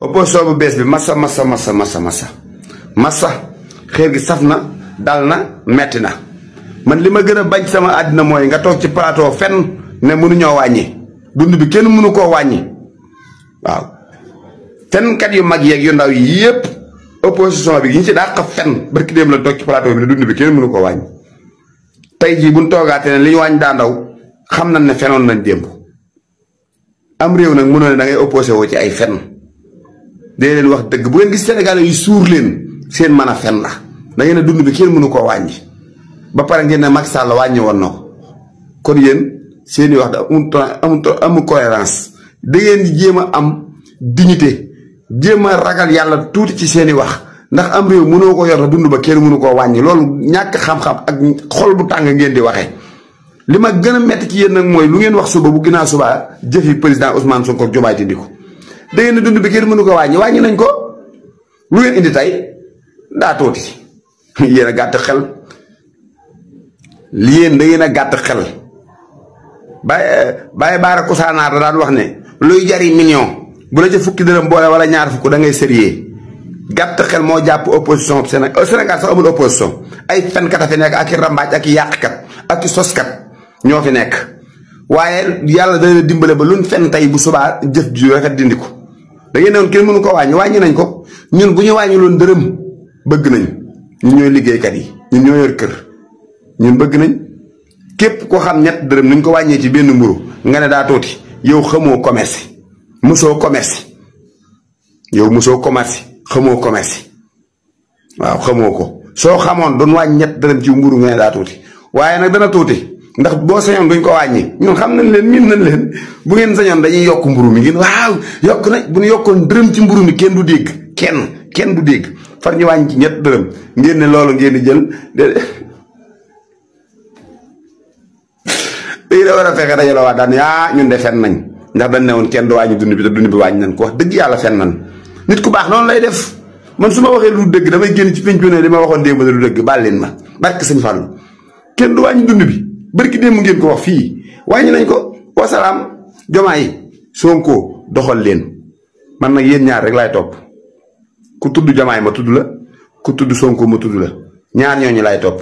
opposition bu bees bi massa massa massa massa massa massa xeer gi saf na dal na metti na man li ma gën a bañ sama àddina mooy nga toog ci palaato fenn ne mënuñoo wàññi dund bi kenn mënu koo wàññi waaw fenkat yu mag yeeg yu ndaw yi yépp opposition bi ñu ci dàq fenn barki démb la toog ci plateau bi ne dund bi kenn mënu koo wàññi tey jii bu ñu toogaatee ne li ñu wàññi daa ndaw xam nañ ne fenoon nañ démb am réew nag mënoo ne da ngay woo ci ay fenn day leen wax deug bu ngeen gis sénégalais yu sour leen seen mana a fen la da ngay a dund bi kenn mënu ko wañi ba pare ngeen na mak Sall wañi woon na kon yéen seen wax da amul am cohérence da ngeen di am dignité jema ragal yalla tout ci seen wax ndax am rew mënoo ko yor dund ba kenn mënu ko wañi loolu ñak xam-xam ak xol bu tang ngeen di waxe lima gëna metti ci yeen nak moy lu ngeen wax suba bu gina suba jëfi président Ousmane Sonko ak Diomaye da ngeen dund bi keer mënu ko wañi wañi nañ ko lu ngeen indi tay da toti yeena gatt xel li yeen da ngeen a xel baye bàyyi baara kusaanaar da daan wax ne luy jari million bu la ci fukki deureum boole wala ñaar fukku da ngay serier gatt xel mo japp opposition Sénégal euh, Sénégal sax amul opposition ay fenkat kata fi nek ak rambaaj ak yaq kat ak sos kat ño fi waye yalla da dana dimbale ba luñ fenn tay bu suba jëf ju rek dindi ko da ngeen ne woon kenn mënu ko wàññi wàññi nañ ko ñun bu ñu wàññi loon dërëm bëgg nañ ñun ñooy liggéeykat yi ñun ñoo yor kër ñun bëgg nañ képp ko xam ñett dërëm ni ko wàññee ci benn mburu nga ne daa tuuti yow xamoo commerce mosoo commerce yow mosoo commerce xamoo commerce waaw xamoo ko soo xamoon doon wàññi ñett dërëm ci mburu nga ne daa tuuti waaye nag dana tuuti. ndax bo sañoon duñ ko wañi ñun xam nañ leen min nañ leen bu ngeen sañoon dañuy yok mburu mi ngeen waaw yok nañ bu ñu yokon dërëm ci mburu mi kenn du dégg kenn kenn du dégg far ñu wañ ci ñet dërëm ngeen ne loolu ngeen di jël de da wara fexé dañu la wa daan ya ñun de fenn nañ ndax dañ ne kenn du wàññi dund bi te dund bi wañ nañ ko wax dëgg yàlla fen nañ nit ku baax non lay def man suma waxé lu dëgg damay génn ci penc bi ne li ma waxoon démb ne dëgg bàl ma barke sëñ fallu kenn du wàññi dund bi bërki démb ngeen ko wax fii wàññi nañ ko wasalaam jomaa yi Sonko doxal leen man nag yéen ñaar rek laay topp ku tudd jomaay ma tudd la ku tudd Sonko ma tudd la ñaar ñooñu laay topp